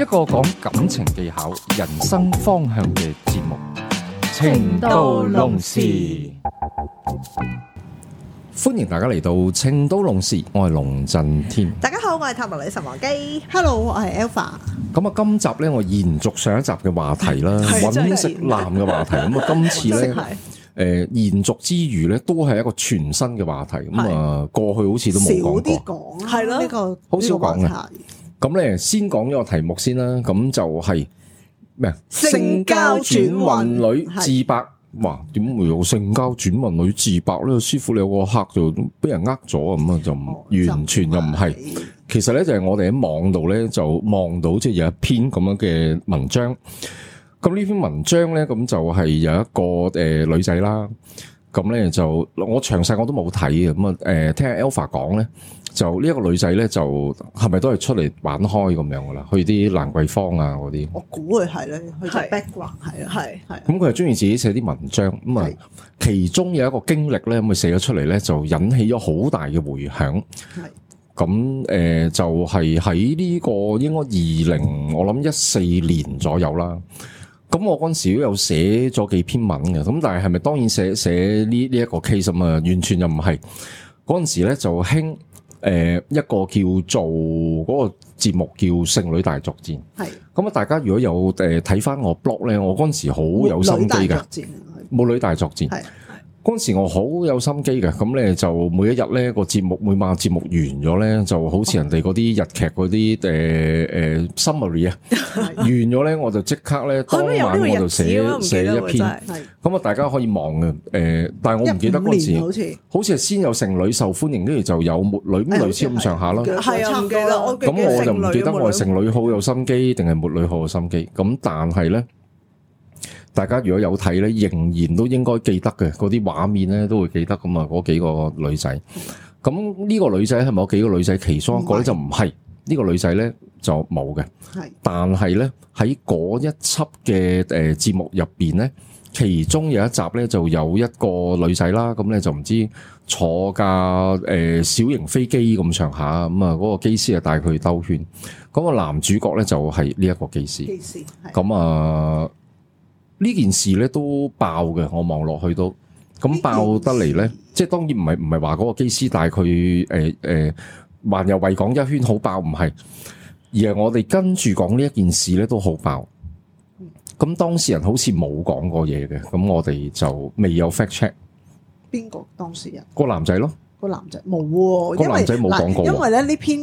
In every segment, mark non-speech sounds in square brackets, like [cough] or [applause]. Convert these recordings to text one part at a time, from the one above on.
一個講感情技巧、人生方向嘅節目《情到濃時》，歡迎大家嚟到《情到濃時》。我係龍震天。大家好，我係塔羅女神王基。Hello，我係 Alpha。咁啊，今集咧我延續上一集嘅話題啦，揾食男嘅話題。咁啊 [laughs] 是，嗯、 [laughs] 今次咧呢誒、 [laughs] 嗯，延續之餘咧，都係一個全新嘅話題。咁啊是，過去好似都冇講過，係咯呢個好了、這個、少講嘅。 [laughs] 咁咧，先講一個題目先啦。咁就係咩啊？性交轉運女自白，哇！點會有性交轉運女自白咧？師傅，你有個客就俾人呃咗啊？咁啊，就完全又唔係。其實咧，就係我哋喺網度咧，就望到即係有一篇咁樣嘅文章。咁呢篇文章咧，咁就係有一個誒女仔啦。咁咧就我詳細我都冇睇啊。咁啊，誒，聽 Alpha 講咧。就呢一個女仔咧，就係、是、咪都係出嚟玩開咁樣噶啦？去啲蘭桂坊啊嗰啲。我估佢係咧，佢是、嗯、就 background 係係係。咁佢又中意自己寫啲文章咁啊，嗯、是其中有一個經歷咧，咁佢寫咗出嚟咧，就引起咗好大嘅回響。係咁誒，就係喺呢個應該二零，我諗一四年左右啦。咁我嗰陣時都有寫咗幾篇文嘅，咁、嗯、但係係咪當然寫寫呢呢一個 case 咁啊？完全又唔係嗰陣時咧就興。誒、呃、一個叫做嗰、嗰個節目叫《剩女大作戰》，係咁啊！大家如果有誒睇翻我 blog 咧，我嗰陣時好有心機㗎，冇《女大作戰》係。嗰陣時我好有心機嘅，咁咧就每一日咧、個節目每晚節目完咗咧，就好似人哋嗰啲日劇嗰啲誒誒 summary 啊， [laughs] 完咗咧我就即刻咧當晚我就寫寫一篇，咁啊是大家可以望嘅誒，呃、的但係我唔記得嗰陣時好似係先有剩女受歡迎，跟住就有末女咁類、哎、似咁上下咯，係啊唔記得，我咁我就唔記，記，記得我係剩女好有心機定係末女好有心機，咁但係咧。大家如果有睇呢，仍然都應該記得嘅嗰啲畫面呢，都會記得咁啊！嗰幾個女仔，咁呢個女仔係咪有幾個女仔其中一係個、呢個、呢，就唔係呢個女仔呢，就冇嘅。但係呢，喺嗰一輯嘅誒、呃、節目入邊呢，其中有一集呢，就有一個女仔啦，咁呢，就唔知坐架誒、呃、小型飛機咁上下，咁啊嗰個機師啊帶佢兜圈，嗰、嗰個男主角呢，就係呢一個機師。機師係咁啊！呢件事咧都爆嘅，我望落去都咁爆得嚟咧，即係當然唔係唔係話嗰個機師，帶佢誒誒，環遊維港一圈好爆，唔係，而係我哋跟住講呢一件事咧都好爆。咁、嗯、當事人好似冇講過嘢嘅，咁我哋就未有 fact check。邊個當事人？個男仔咯，男啊、個男仔冇，個男仔冇講過。因為咧呢篇。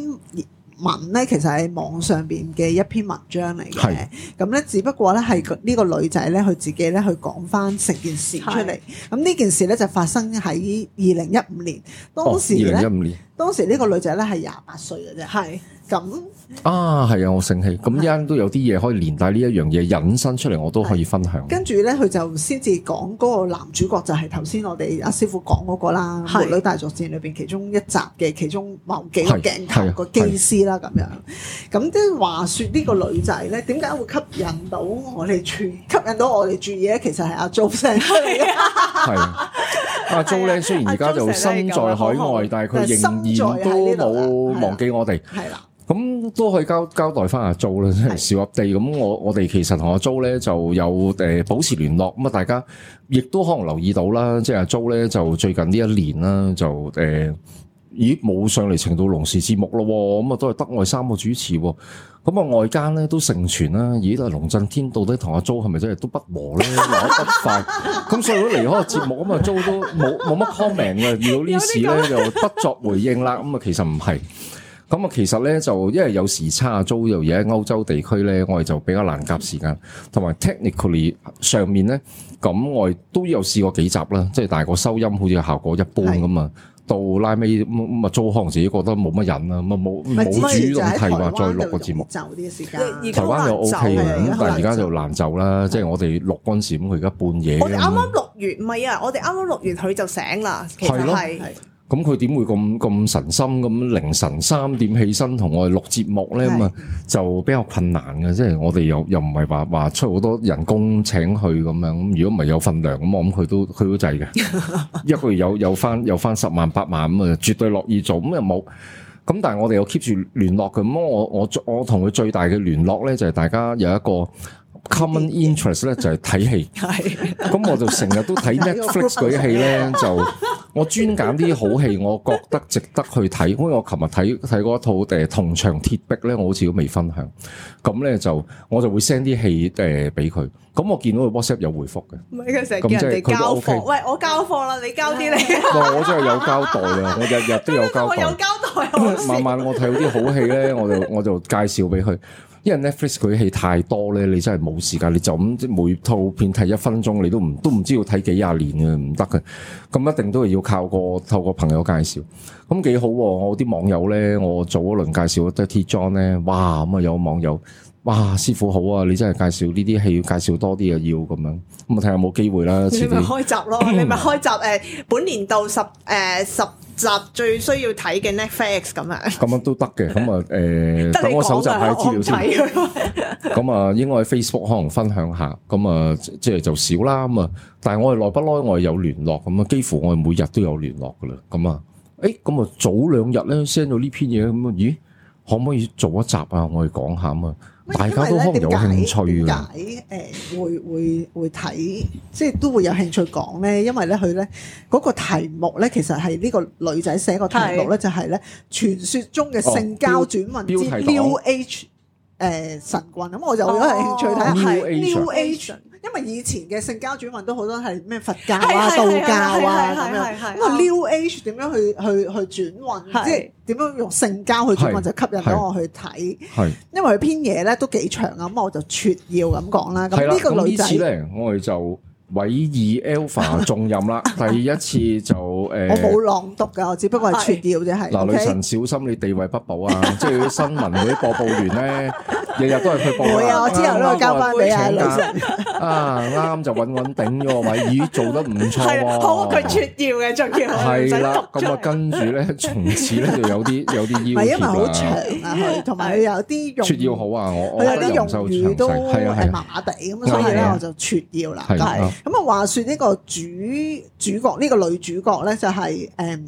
文咧其實喺網上邊嘅一篇文章嚟嘅，咁咧是的 只不過咧係呢個女仔咧佢自己咧去講返成件事出嚟，咁呢是的 件事咧就發生喺二零一五年，當時咧，哦、當時呢個女仔咧係廿八歲嘅啫。咁啊，係啊，我醒起，咁啲人都有啲嘢可以連帶呢一樣嘢引申出嚟，我都可以分享。跟住咧，佢就先至講嗰個男主角就係頭先我哋阿師傅講嗰、那個啦，的《魔女大作戰》裏邊其中一集嘅其中某幾個鏡頭個機師啦，咁樣。咁即係話説呢個女仔咧，點解會吸引到我哋注吸引到我哋注意咧？其實係阿 j 鍾成出嚟。 [laughs] 阿 j 鍾咧雖然而家就身在海外，但係佢仍然都冇忘記我哋。係啦。咁都可以交交代翻阿租咧，即係小一地咁是的、嗯。我我哋其實同阿租咧就有誒、呃、保持聯絡。咁啊，大家亦都可能留意到啦，即係阿租咧就最近呢一年啦，就誒、呃、咦冇上嚟《情到濃時》節目咯。咁啊，都係得外三個主持。咁、嗯、啊，外間咧都盛傳啦。咦、嗯，都龍阿龍震天到底同阿租係咪真係都不和咧，來得快？咁、嗯、所以、嗯、 [laughs] 如果離開個節目，咁啊，租都冇冇乜 comment 嘅。遇到呢事咧就不作回應啦。咁啊，其實唔係。咁啊，其實咧就因為有時差，租又樣嘢喺歐洲地區咧，我哋就比較難夾時間。同埋 technically 上面咧，咁我都有試過幾集啦，即係大個收音好似效果一般咁啊。是到拉尾咁啊，租可能自己覺得冇乜癮啦，咁啊冇冇主動提話再錄個節目，就啲時間。台灣就 OK 嘅的，咁但係而家就難走的就啦。即係我哋錄嗰陣時咁佢而家半夜。我哋啱啱錄完，唔係啊，我哋啱啱錄完佢就醒啦，其實係。的咁佢點會咁咁神心咁凌晨三點起身同我哋錄節目呢？咁啊是，就比較困難嘅，即係我哋又又唔係話話出好多人工請佢咁樣，咁如果唔係有份糧咁我諗佢都佢都制嘅， [laughs] 一個月有有翻有翻十萬八萬咁啊，絕對樂意做咁又冇，咁但係我哋又 keep 住聯絡嘅，咁我我我同佢最大嘅聯絡呢，就係、是、大家有一個。common interest 咧就係睇戲，咁 [laughs] 我就成日都睇 Netflix 啲戲咧， [laughs] 就我專揀啲好戲，我覺得值得去睇。因為我琴日睇睇一套誒、呃《銅牆鐵壁》咧，我好似都未分享。咁咧就我就會 send 啲戲誒俾佢。咁我見到佢 WhatsApp 有回覆嘅，咁即係佢都 OK。喂，我交貨啦，你交啲你。 [laughs] 我真係有交代啊！我日日都有交代。 [laughs] 我有交代。慢慢我睇到啲好戲咧，我就我就介紹俾佢。 [laughs] 因為 Netflix 佢啲戲太多咧，你真係冇時間，你就咁即係每套片睇一分鐘，你都唔都唔知要睇幾廿年啊，唔得嘅。咁一定都係要靠過透過朋友介紹，咁幾好喎。我啲網友咧，我早一輪介紹，Dirty John 咧，哇，咁啊有網友。哇，師傅好啊！你真係介紹呢啲係要介紹多啲啊，要咁樣咁啊睇下有冇機會啦。你咪開集咯，咳咳你咪開集誒、呃，本年度十誒、呃、十集最需要睇嘅 Netflix 咁啊。咁樣都樣、呃、得嘅，咁啊誒，等我蒐集下資料我先。咁啊， [laughs] 應該喺 Facebook 可能分享下，咁啊即係就少啦。咁啊，但係我係耐不耐，我係有聯絡咁啊，幾乎我係每日都有聯絡嘅啦。咁啊，誒咁啊早兩日咧 send 到呢篇嘢咁啊，咦？可唔可以做一集啊？我哋講下啊大家都可能有興趣㗎，點解？點解？誒、呃，會會會睇，即係都會有興趣講咧。因為咧，佢咧嗰個題目咧，其實係呢個女仔寫個題目咧，的就係咧傳說中嘅性交轉運之、哦、New Age、呃、神棍。咁我就有興趣睇下係 New Age。因為以前嘅性交轉運都好多係咩佛教啊、道教啊咁樣，咁 New Age 點樣去去去轉運，即係點樣用性交去轉運就吸引到我去睇。係因為佢篇嘢咧都幾長啊，咁我就撮要咁講啦。咁呢個女仔，委以 Alpha 重任啦，第一次就誒，我冇朗讀噶，我只不過係撮要啫，係，嗱，女神小心你地位不保啊！即係新聞嗰啲播報員咧，日日都係佢播報，唔會啊，我之後都會交翻俾啊，女神啱啱就穩穩頂咗個位，做得唔錯喎，好，佢撮要嘅仲要係啦，咁啊跟住咧，從此咧就有啲有啲要因為啊，好長啊，同埋有啲用撮要好啊，我佢有啲用語都係麻麻地咁，所以咧我就撮要啦，係。咁啊，話説呢個主主角呢個女主角咧，就係誒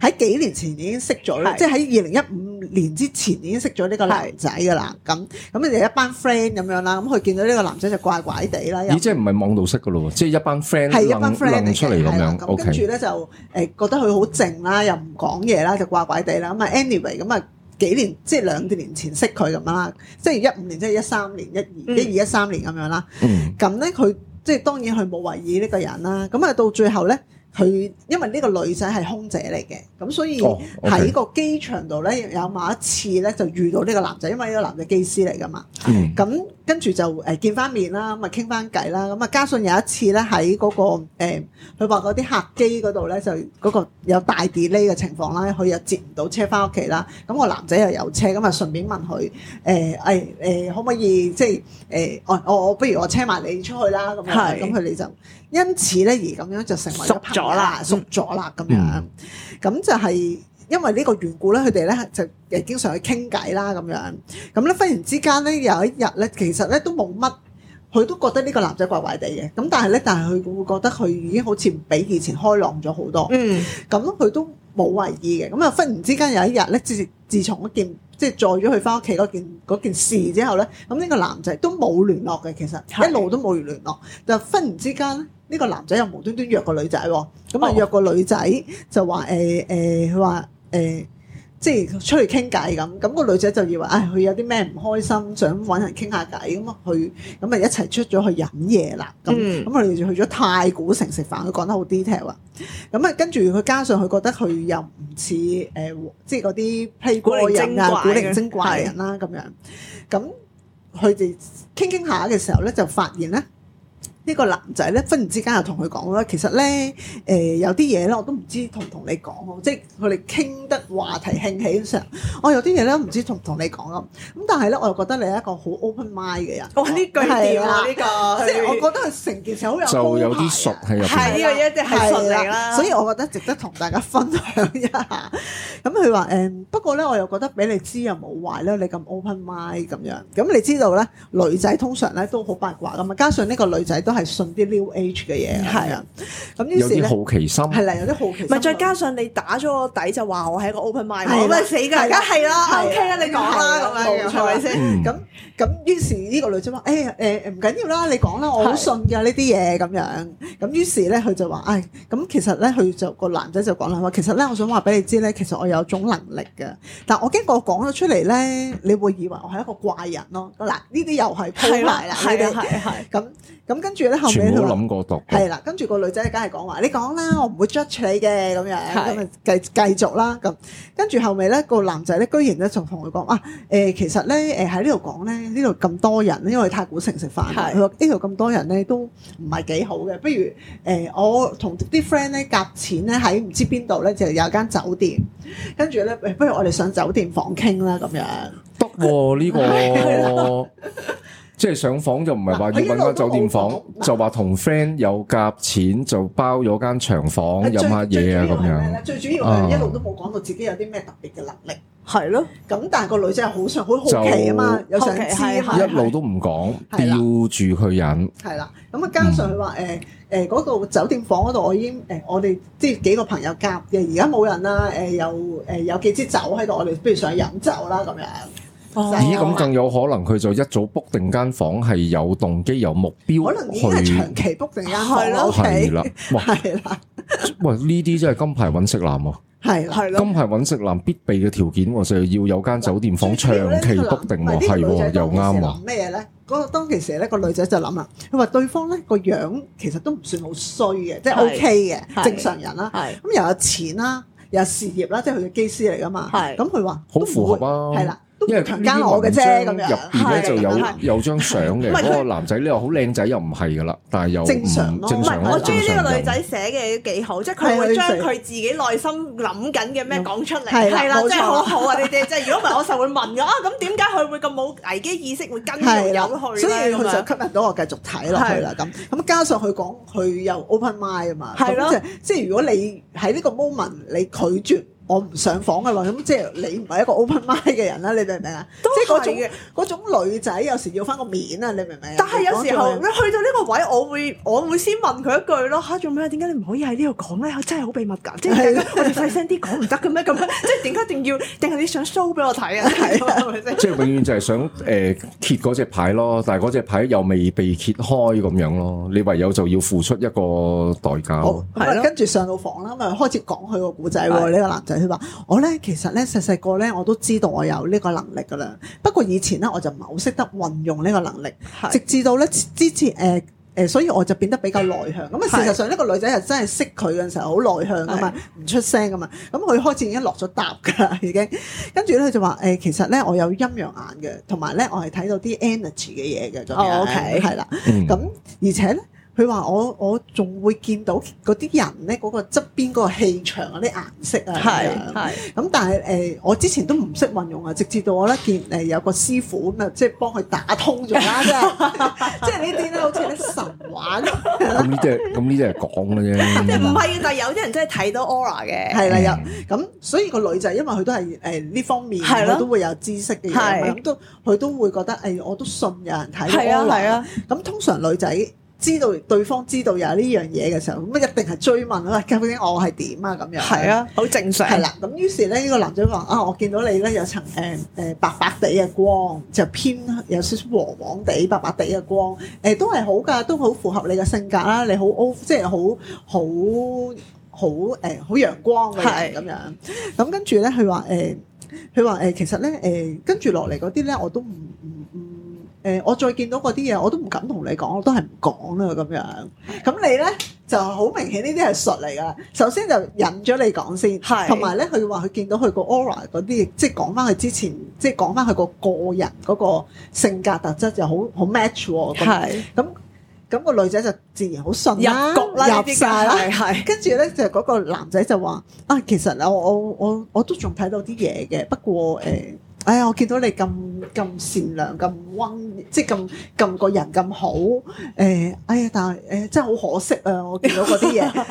喺幾年前已經識咗啦，即係喺二零一五年之前已經識咗呢個男仔噶啦。咁咁你哋一班 friend 咁樣啦，咁佢見到呢個男仔就怪怪地啦。咦，即係唔係網到識噶咯？即係一班 friend，一班 friend 出嚟咁樣。跟住咧就誒覺得佢好靜啦，又唔講嘢啦，就怪怪地啦。咁啊，anyway，咁啊幾年，即係兩年前識佢咁樣啦，即係一五年，即係一三年，一二一二一三年咁樣啦。咁咧佢。即係當然佢冇懷疑呢個人啦，咁啊到最後呢，佢因為呢個女仔係空姐嚟嘅，咁所以喺個機場度呢，有某一次呢就遇到呢個男仔，因為呢個男仔機師嚟㗎嘛，咁，嗯跟住就誒見翻面啦，咁啊傾翻偈啦，咁啊加上有一次咧喺嗰個誒佢話嗰啲客機嗰度咧就嗰個有大 delay 嘅情況啦，佢又截唔到車翻屋企啦，咁個男仔又有車，咁啊順便問佢誒誒誒可唔可以即係誒、欸、我我，我不如我車埋你出去啦咁樣，咁佢哋就因此咧而咁樣就成為熟咗啦，熟咗啦咁樣，咁、嗯嗯、就係、是。因為呢個緣故咧，佢哋咧就誒經常去傾偈啦咁樣。咁咧，忽然之間咧，有一日咧，其實咧都冇乜，佢都覺得呢個男仔怪怪地嘅。咁但係咧，但係佢會覺得佢已經好似比以前開朗咗好多。嗯。咁佢都冇懷疑嘅。咁啊，忽然之間有一日咧，自自從一件即係載咗佢翻屋企嗰件嗰件事之後咧，咁呢個男仔都冇聯絡嘅。其實一路都冇聯絡，就忽然之間呢個男仔又無端端約個女仔喎。咁、欸、啊，約個女仔就話誒誒，佢話。誒、呃，即係出去傾偈咁，咁、那個女仔就以為，唉，佢有啲咩唔開心，想揾人傾下偈咁啊，去，咁啊一齊出咗去飲嘢啦，咁、嗯，咁佢哋就去咗太古城食飯，佢講得好 detail、呃、啊，咁啊，跟住佢加上佢覺得佢又唔似誒，即係嗰啲 playboy 人啊，古靈精怪人啦，咁樣，咁佢哋傾傾下嘅時候咧，就發現咧。呢個男仔咧，忽然之間又同佢講啦，其實咧，誒、呃、有啲嘢咧，我都唔知同唔同你講，即係佢哋傾得話題興起上，我有啲嘢咧唔知同唔同你講咯。咁但係咧，我又覺得你係一個好 open mind 嘅人，哦、話我呢句點啊？呢、這個的即係我覺得係成件事好有，就有啲熟喺入邊，係呢個嘢即係，一所以我覺得值得同大家分享一下。咁佢話誒，不過咧，我又覺得俾你知又冇壞啦，你咁 open mind 咁樣，咁你知道咧、嗯，女仔通常咧都好八卦㗎嘛。加上呢個女仔都。係信啲 New Age 嘅嘢，係啊，咁於是咧好奇心，係啦，有啲好奇心。咪再加上你打咗個底就話我係一個 open mind，咁死噶，大家係啦，OK 啦，你講啦，咁樣係咪先？咁咁於是呢個女仔話：誒誒唔緊要啦，你講啦，我好信噶呢啲嘢咁樣。咁於是咧，佢就話：唉，咁其實咧，佢就個男仔就講啦，話其實咧，我想話俾你知咧，其實我有種能力噶，但我驚我講咗出嚟咧，你會以為我係一個怪人咯。嗱，呢啲又係鋪埋啦，係啊，係咁咁跟住。後尾都諗過讀係啦，跟住個女仔梗係講話你講啦，我唔會 judge 你嘅咁樣，咁啊繼繼續啦咁。跟住後尾咧，個男仔咧，居然咧仲同佢講啊，誒、欸，其實咧，誒喺呢度講咧，呢度咁多人，因為太古城食飯，佢話呢度咁多人咧都唔係幾好嘅。不如誒、欸，我同啲 friend 咧夾錢咧喺唔知邊度咧，就有間酒店，跟住咧不如我哋上酒店房傾啦咁樣。不過呢個。即係上房就唔係話要搵間酒店房，就話同 friend 有夾錢就包咗間長房，飲下嘢啊，咁樣。最主要係一路都冇講到自己有啲咩特別嘅能力，係咯。咁但係個女仔係好想好好奇啊嘛，又想知一路都唔講，吊住佢人。係啦，咁啊加上佢話誒誒嗰度酒店房嗰度我已經誒我哋即係幾個朋友夾嘅，而家冇人啦，誒又誒有幾支酒喺度，我哋不如上去飲酒啦咁樣。咦？咁更有可能佢就一早 book 定間房係有動機有目標，可能已長期 book 定間去咯，係啦，係啦。喂，呢啲真係金牌搵食男啊！係係啦。金牌搵食男必備嘅條件就係要有間酒店房長期 book 定喎，係喎又啱喎。咩嘢咧？嗰當其時咧，個女仔就諗啦，佢話對方咧個樣其實都唔算好衰嘅，即係 OK 嘅正常人啦。係咁又有錢啦，又有事業啦，即係佢嘅機師嚟噶嘛。係咁佢話好符合啊，係啦。因為強加我嘅啫，咁樣，入面呢就有有張相嘅嗰個男仔，呢個好靚仔又唔係噶啦，但係又正常咯。唔係，我中意呢個女仔寫嘅幾好，即係佢會將佢自己內心諗緊嘅咩講出嚟，係啦，真係好好啊！呢啲即係如果唔係，我就會問嘅啊，咁點解佢會咁冇危機意識，會跟住入去？所以佢就吸引到我繼續睇落去啦，咁咁加上佢講佢又 open mind 啊嘛，係咯，即係如果你喺呢個 moment 你拒絕。我唔上房㗎喇，咁即係你唔係一個 open mind 嘅人啦，你明唔明啊？即係嘅，嗰種女仔有時要翻個面啊，你明唔明啊？但係有時候你去到呢個位，我會我會先問佢一句咯嚇，做咩啊？點解你唔可以喺呢度講咧？我真係好秘密㗎，即係我哋細聲啲講唔得嘅咩咁樣？即係點解一定要？定係你想 show 俾我睇啊？係咪即係永遠就係想誒揭嗰隻牌咯，但係嗰隻牌又未被揭開咁樣咯，你唯有就要付出一個代價。好，係咯，跟住上到房啦，咪開始講佢個故仔喎，呢個男仔。佢話：我咧其實咧細細個咧，我都知道我有呢個能力噶啦。不過以前咧我就唔係好識得運用呢個能力，是直至到咧之前誒誒、呃呃，所以我就變得比較內向。咁啊是，事實上呢個女仔又真係識佢嗰陣時候好內向噶嘛，唔是出聲噶嘛。咁佢開始已經落咗答噶啦，已經。跟住咧佢就話：誒、呃，其實咧我有陰陽眼嘅，同埋咧我係睇到啲 energy 嘅嘢嘅。哦，OK，係啦。咁而且呢。佢話：我我仲會見到嗰啲人咧，嗰個側邊個氣場啊，啲顏色啊，咁但係誒，我之前都唔識運用啊，直至到我咧見誒有個師傅咁啊，即係幫佢打通咗啦，即係呢啲咧好似啲神話咁。呢啲咁呢啲係講嘅啫，即係唔係？但係有啲人真係睇到 aura 嘅，係啦，咁，所以個女仔因為佢都係誒呢方面，佢都會有知識嘅嘢，咁都佢都會覺得誒，我都信有人睇。係啊係啊，咁通常女仔。知道對方知道有呢樣嘢嘅時候，咁一定係追問啊！究竟我係點啊？咁樣，係啊，好正常。係啦，咁於是咧，呢、這個男仔話：啊，我見到你咧有層誒誒、呃、白白地嘅光，就偏有少少黃黃地、白白地嘅光，誒都係好噶，都好都符合你嘅性格啦。你好 O，即係好好好誒，好、呃、陽光嘅人咁樣。咁、嗯、跟住咧，佢話誒，佢話誒，其實咧誒、呃，跟住落嚟嗰啲咧，我都唔。誒、欸，我再見到嗰啲嘢，我都唔敢同你講，我都係唔講啦咁樣。咁你咧就好明顯，呢啲係術嚟㗎。首先就引咗你講先，係是。同埋咧，佢話佢見到佢個 aura 嗰啲，即係講翻佢之前，即係講翻佢個個人嗰個性格特質，就好好 match 喎。係、哦。咁、那、咁、個是那個女仔就自然好信啦，入局啦，入曬啦。係。 [laughs] 跟住咧就嗰個男仔就話：啊，其實我我我我都仲睇到啲嘢嘅，不過誒。呃哎呀，我見到你咁咁善良、咁溫，即係咁咁個人咁好。誒，哎呀，但係誒，真係好可惜啊！我見到嗰啲嘢，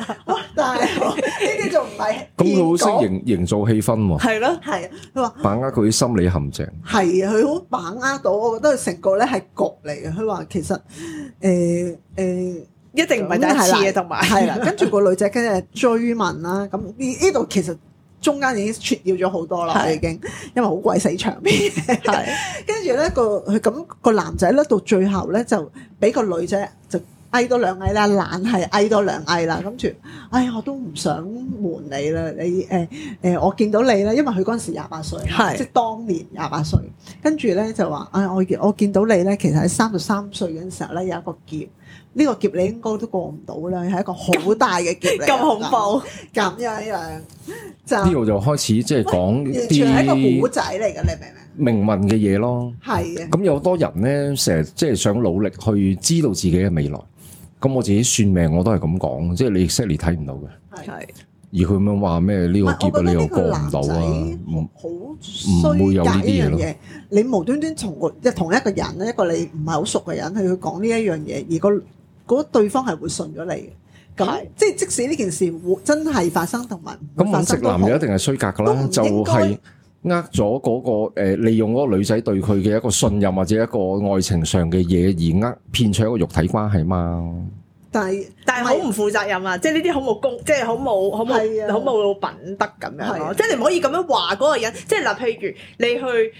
但係呢啲就唔係。咁佢好識營營造氣氛喎。係咯，係。佢話把握佢啲心理陷阱。係啊，佢好把握到，我覺得成個咧係局嚟嘅。佢話其實誒誒，一定唔係第一次嘅，同埋係啦。跟住個女仔跟住追問啦，咁呢度其實。中間已經脫掉咗好多啦，已經是，因為好鬼死長面。跟住咧個佢咁，那個男仔咧到最後咧就俾個女仔就嗌多兩嗌啦，懶係嗌多兩嗌啦，咁住。哎，我都唔想瞞你啦，你誒誒，呃呃，我見到你啦，因為佢嗰陣時廿八歲，是即係當年廿八歲。跟住咧就話，哎，我我見到你咧，其實喺三十三歲嗰陣時候咧有一個劫。呢個劫你應該都過唔到啦，係一個好大嘅劫，咁恐怖咁樣樣。就呢度就開始即係講，完全係一個古仔嚟㗎，你明唔明？命運嘅嘢咯，係啊的。咁有好多人咧，成日即係想努力去知道自己嘅未來。咁我自己算命我都係咁講，即係你 Sally 睇唔到嘅，係的。而佢咁樣話咩呢個結果你又過唔到啊？好唔會有呢啲嘢？你無端端從個即係同一個人，一個你唔係好熟嘅人去去講呢一樣嘢，而個嗰對方係會信咗你嘅。咁即係即使呢件事真係發生同埋唔發生，咁嗰隻男人一定係衰格㗎啦，就係呃咗嗰個誒，利用嗰個女仔對佢嘅一個信任或者一個愛情上嘅嘢而呃騙取一個肉體關係嘛？但係但係好唔負責任啊！即係呢啲好冇功，即係好冇好冇好冇品德咁樣咯！即係你唔可以咁樣話嗰個人。即係嗱，譬如你去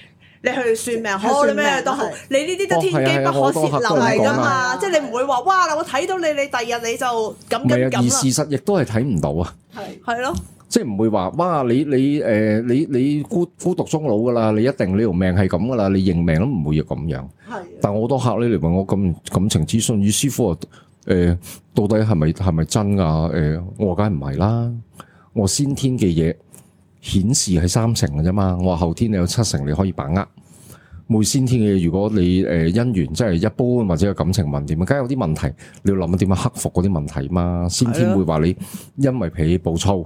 你去算命，哦，你咩都好，你呢啲都天機不可泄漏嚟噶嘛！即係你唔會話哇！我睇到你，你第二日你就咁樣。而事實亦都係睇唔到啊。係係咯，即係唔會話哇！你你誒，你你孤孤獨終老噶啦！你一定呢條命係咁噶啦！你認命都唔會要咁樣。係，但我好多客咧嚟問我咁感情諮詢，與師傅。誒、欸，到底係咪係咪真啊？誒、欸，我梗係唔係啦。我先天嘅嘢顯示係三成噶啫嘛。我話後天你有七成你可以把握。每先天嘅，如果你誒姻緣真係一般或者有感情問題，梗係有啲問題，你要諗點樣克服嗰啲問題嘛。是的 先天會話你因為脾氣暴躁，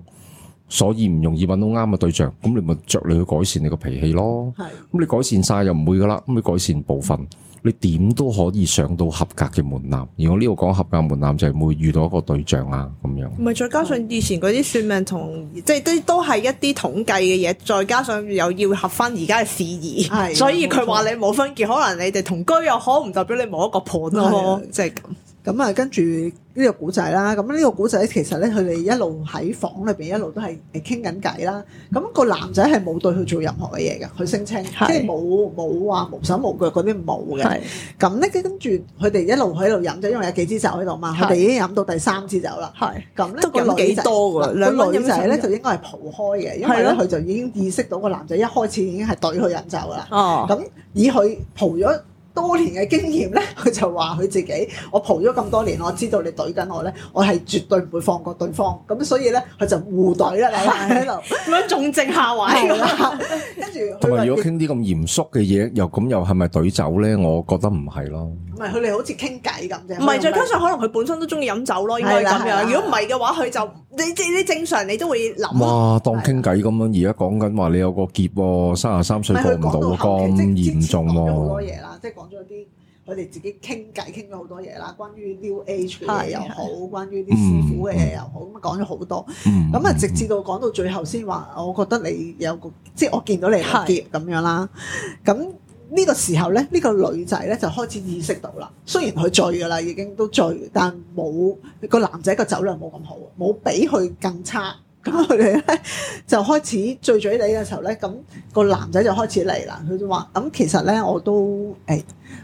所以唔容易搵到啱嘅對象。咁你咪着力去改善你個脾氣咯。係咁，你改善晒又唔會噶啦。咁你改善部分。你點都可以上到合格嘅門檻，而我呢度講合格門檻就係、是、會遇到一個對象啊，咁樣。唔係，再加上以前嗰啲算命同，即係都都係一啲統計嘅嘢，再加上又要合返而家嘅事宜，係的，所以佢話你冇分結，可能你哋同居又可唔代表你冇一個伴咯，即係咁。就是 [laughs] 咁啊，跟住呢個古仔啦，咁呢個古仔其實咧，佢哋一路喺房裏邊，一路都係傾緊偈啦。咁個男仔係冇對佢做任何嘅嘢嘅，佢聲稱，即係冇冇話無手無腳嗰啲冇嘅。咁咧跟住佢哋一路喺度飲酒，因為有幾支酒喺度嘛，佢哋已經飲到第三支酒啦。係咁咧，都飲幾多㗎啦。個女仔咧就應該係蒲開嘅，因為咧佢就已經意識到個男仔一開始已經係對佢飲酒啦。咁以佢蒲咗。多年嘅經驗咧，佢就話：佢自己，我蒲咗咁多年，我知道你懟緊我咧，我係絕對唔會放過對方。咁所以咧，佢就互懟啦，你喺度咁樣仲正下位。跟住同埋如果傾啲咁嚴肅嘅嘢，又咁又係咪懟酒咧？我覺得唔係咯，唔係佢哋好似傾偈咁啫。唔係再加上可能佢本身都中意飲酒咯，應該咁樣。如果唔係嘅話，佢就你正常你都會諗。哇，當傾偈咁樣，而家講緊話你有個劫喎，三十三歲過唔到咁嚴重喎。即係講咗啲佢哋自己傾偈，傾咗好多嘢啦，關於 New Age 嘅嘢又好，關於啲師傅嘅嘢又好，咁講咗好多。咁啊， [music] 直至到講到最後先話，我覺得你有個，即係我見到你結咁樣啦。咁呢 [music] 個時候咧，呢、這個女仔咧就開始意識到啦。雖然佢醉噶啦，已經都醉，但冇個男仔個酒量冇咁好，冇比佢更差。咁佢哋咧就開始醉嘴你嘅時候咧，咁個男仔就開始嚟啦。佢就話：咁其實咧，我都哎呀、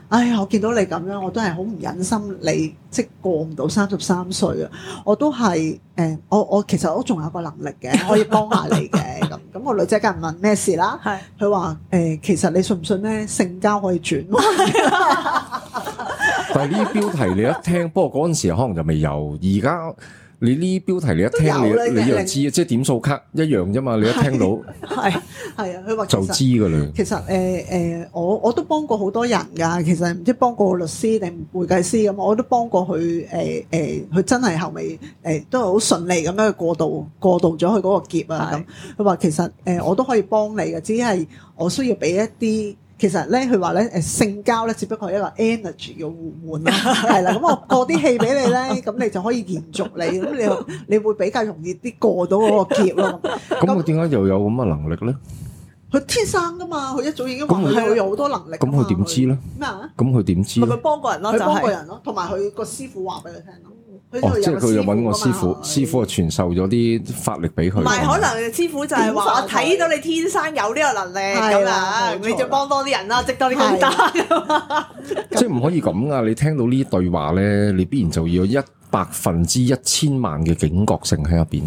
哎，我見到你咁樣，我都係好唔忍心你即係過唔到三十三歲啊！我都係誒、哎，我我其實我仲有個能力嘅，可以幫下你嘅。咁咁 [laughs] 個女仔梗係問咩事啦？佢話誒，其實你信唔信咧？性交可以轉？ [laughs] [laughs] 但係呢啲標題你一聽，不過嗰陣時可能就未有，而家。你呢啲標題你一聽，你你又知，的即係點數卡一樣啫嘛，的你一聽到係，係啊，佢話就知噶啦。其實誒、誒、呃呃，我我都幫過好多人噶，其實唔知幫過個律師定會計師咁，我都幫過佢，誒、誒，佢、呃、真係後尾誒、呃、都係好順利咁樣去過渡過渡咗佢嗰個劫啊咁。佢話是的 其實誒、呃，我都可以幫你噶，只係我需要俾一啲。其實咧，佢話咧，誒，性交咧，只不過係一個 energy 嘅互換啦，係啦，咁我過啲氣俾你咧，咁你就可以延續你，咁你你會比較容易啲過到嗰個劫咯。咁佢點解又有咁嘅能力咧？佢天生噶嘛，佢一早已經係會有好多能力。咁佢點知咧？咩啊？咁佢點知？咪佢幫過人咯，佢幫過人咯，同埋佢個師傅話俾佢聽咯。哦，即係佢又揾我師傅，師傅啊傳授咗啲法力俾佢。唔係，可能師傅就係話我睇到你天生有呢個能力咁啊，你就幫多啲人啦，積多啲功德咁即係唔可以咁啊！你聽到呢對話咧，你必然就要一百分之一千萬嘅警覺性喺入邊。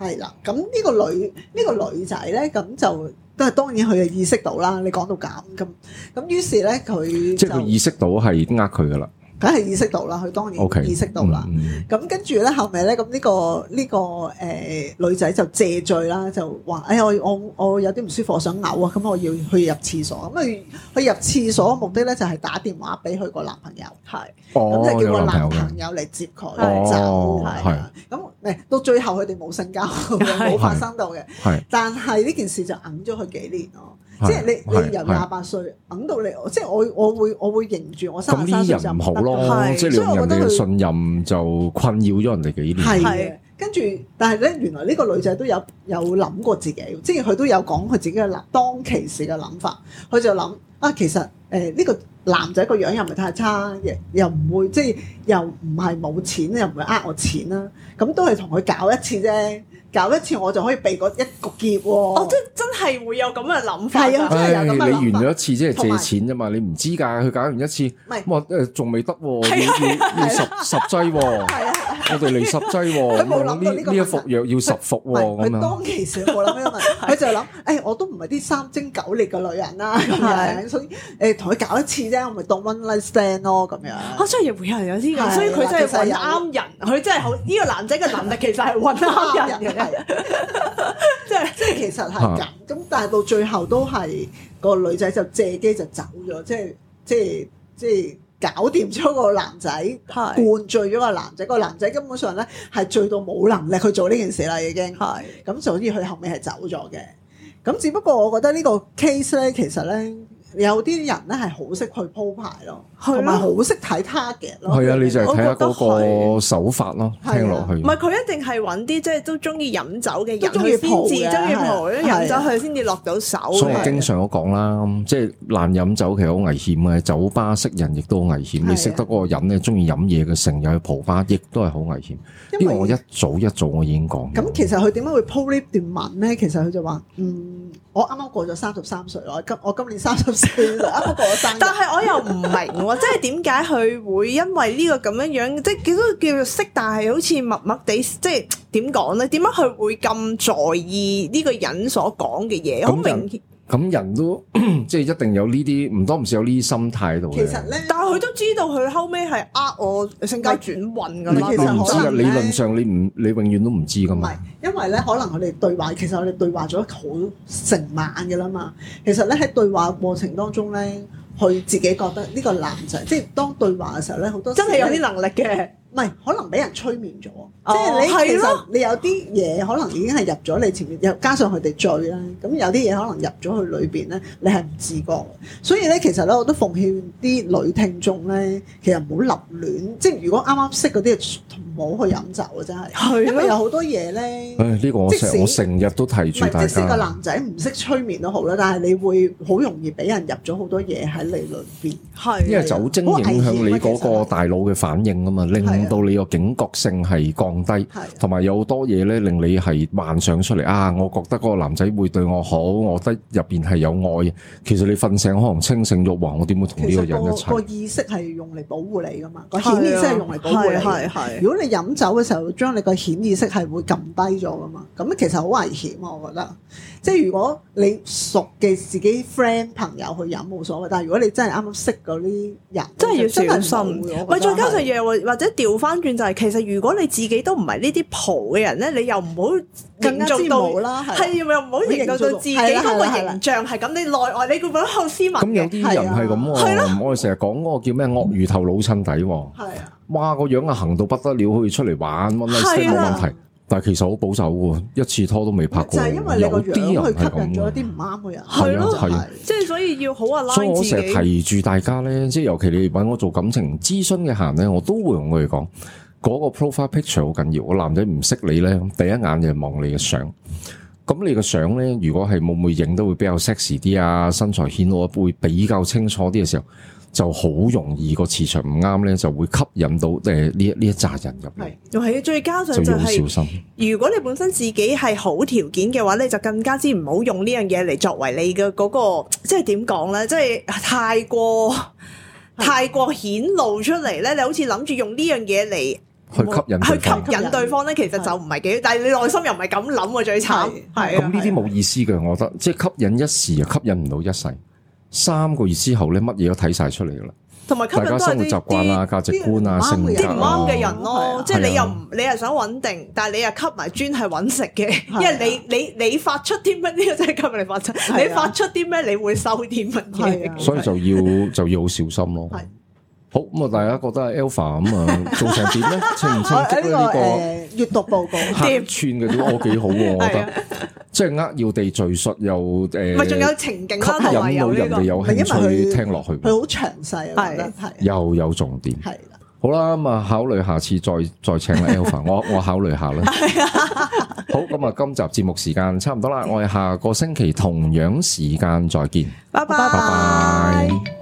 係啦，咁呢個女呢個女仔咧，咁就都係當然佢啊意識到啦。你講到咁咁咁，於是咧佢即係佢意識到係呃佢噶啦。梗係意識到啦，佢當然意識到啦。咁、okay, 嗯、跟住咧後尾咧，咁、這、呢個呢、這個誒、呃、女仔就謝罪啦，就話：，哎呀，我我我有啲唔舒服，我想嘔啊，咁、嗯、我要去入廁所。咁、嗯、佢去入廁所嘅目的咧就係打電話俾佢個男朋友，係、哦，咁就叫個男朋友嚟接佢，照顧係。咁誒是是到最後佢哋冇性交，冇 [laughs] 發生到嘅。係，但係呢件事就揞咗佢幾年哦。即係你由廿八歲，等到你是即係我，我會是我會認住我三十三歲就唔得，係。所以我覺得信任就困擾咗人哋嘅呢啲係嘅，跟住，但係咧，原來呢個女仔都有有諗過自己，即係佢都有講佢自己嘅諗當其時嘅諗法，佢就諗啊，其實誒呢、呃這個男仔個樣又唔係太差，又又唔會即係又唔係冇錢，又唔會呃我錢啦，咁都係同佢搞一次啫。搞一次我就可以避過一個劫喎。哦，哦即真真係會有咁嘅諗法，啊，你完咗一次即係借錢啫嘛，還有 你唔知㗎，佢搞完一次，咁我仲未得，要要要十的、啊、十劑喎。哦。的 [laughs] 我哋嚟十劑喎，呢呢 [laughs] 服藥要十服喎，佢樣當其時冇諗，因為佢就諗，誒、欸，我都唔係啲三貞九烈嘅女人啦，咁樣 [laughs] 的， [laughs] 所以誒同佢搞一次啫，我咪當 one night stand 咯，咁樣。啊， [laughs] 所以亦會有有呢個，所以佢真係揾啱人，佢真係好呢個男仔嘅能力，其實係揾啱人嘅，即係即係其實係咁。咁但係到最後都係，嗰個女仔就借機就走咗，即係即係即係。搞掂咗個男仔，是灌醉咗個男仔，個男仔根本上咧係醉到冇能力去做呢件事啦，已經。咁所是以佢後尾係走咗嘅。咁只不過我覺得呢個 case 咧，其實咧。有啲人咧係好識去鋪排咯，係啦，好識睇 target 咯。係啊，你就係睇下嗰個手法咯，聽落去。唔係佢一定係揾啲即係都中意飲酒嘅人意先至，中意蒲啲飲酒去先至落到手。所以經常都講啦，即係難飲酒其實好危險嘅，酒吧識人亦都好危險。你識得嗰個人咧，中意飲嘢嘅成日去蒲吧亦都係好危險。因為我一早一早我已經講。咁其實佢點解會鋪呢段文咧？其實佢就話：嗯，我啱啱過咗三十三歲啦，今我今年三十。 [laughs] 但係我又唔明喎， [laughs] 即係點解佢會因為呢、這個咁樣樣， [laughs] 即係叫做叫做識，但係好似默默地，即係點講咧？點解佢會咁在意呢個人所講嘅嘢？好正明顯。咁人都 [coughs] 即係一定有呢啲，唔多唔少有呢啲心態度其實咧，但係佢都知道佢後尾係呃我性交轉運噶啦。你唔知啊？理論上你唔你永遠都唔知噶嘛。係，因為咧可能我哋對話，其實我哋對話咗好成晚噶啦嘛。其實咧喺對話過程當中咧，佢自己覺得呢個男仔，即係當對話嘅時候咧，好多真係有啲能力嘅。唔係，可能俾人催眠咗，即係你其實你有啲嘢可能已經係入咗你前面，又加上佢哋醉啦，咁有啲嘢可能入咗去裏邊咧，你係唔自覺。所以咧，其實咧，我都奉勸啲女聽眾咧，其實唔好立亂，即係如果啱啱識嗰啲，唔好去飲酒啊！真係，係因為有好多嘢咧。呢個我成日都提住大家。即使個男仔唔識催眠都好啦，但係你會好容易俾人入咗好多嘢喺你裏邊。因為酒精影響你嗰個大腦嘅反應啊嘛，到你個警覺性係降低，同埋的有好多嘢咧令你係幻想出嚟啊！我覺得嗰個男仔會對我好，我覺得入邊係有愛。其實你瞓醒可能清醒咗，話我點會同呢個人一齊？那個那個意識係用嚟保護你噶嘛，個顯意識係用嚟保護你。如果你飲酒嘅時候，將你個顯意識係會撳低咗噶嘛？咁其實好危險，我覺得。即係如果你熟嘅自己 friend 朋友去飲冇所謂，但係如果你真係啱啱識嗰啲人，真係要真係唔再加上約會或者調翻轉就係，其實如果你自己都唔係呢啲蒲嘅人咧，你又唔好更加知道啦，係咪的又唔好營造到自己嗰個形象係咁？你內外你會唔會好斯文嘅，咁有啲人係咁喎，的我哋成日講嗰個叫咩鱷魚頭老襯底喎，係啊，哇個的樣啊行到不得了，可以出嚟玩，問律師冇問題。但係其實好保守喎，一次拖都未拍過。就因為你個樣，有啲人係咁，去吸引咗一啲唔啱嘅人。係咯，係，即係所以要好 align，自己。所以我成日提住大家咧，即係尤其你揾我做感情諮詢嘅行咧，我都會同佢哋講，嗰個 profile picture 好緊要。我男仔唔識你咧，第一眼就望你嘅相。嗯咁你個相咧，如果係冇冇影得會比較 sexy 啲啊，身材顯露會比較清楚啲嘅時候，就好容易個磁場唔啱咧，就會吸引到誒呢一呢一紮人入嚟。仲又係啊！再加上、就係、要小心。如果你本身自己係好條件嘅話，你就更加之唔好用呢樣嘢嚟作為你嘅嗰個，即係點講咧？即係太過太過顯露出嚟咧，的你好似諗住用呢樣嘢嚟。去吸引去吸引對方咧，其實就唔係幾，但係你內心又唔係咁諗喎，最慘係咁呢啲冇意思嘅，我覺得即係吸引一時啊，吸引唔到一世。三個月之後咧，乜嘢都睇晒出嚟啦。同埋，大家生活習慣啊、價值觀啊、性格啲唔啱嘅人咯，即係你又唔，你又想穩定，但係你又吸埋專係揾食嘅，因為你你你發出啲乜呢個真係吸引你發出，你發出啲咩，你會收啲乜嘢？所以就要就要好小心咯。好咁啊！大家覺得係 Alpha 咁啊，做成點咧？清唔清晰咧？呢個誒閱讀報告，串嘅都幾好喎，我覺得。即係呃要地敘述又誒，唔係仲有情景吸引到人哋有興趣聽落去，佢好詳細，覺得係又有重點。係好啦，咁啊，考慮下次再再請啦，Alpha，我我考慮下啦。好咁啊，今集節目時間差唔多啦，我哋下個星期同樣時間再見。拜拜拜拜。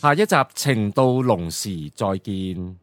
下一集情到濃時再見。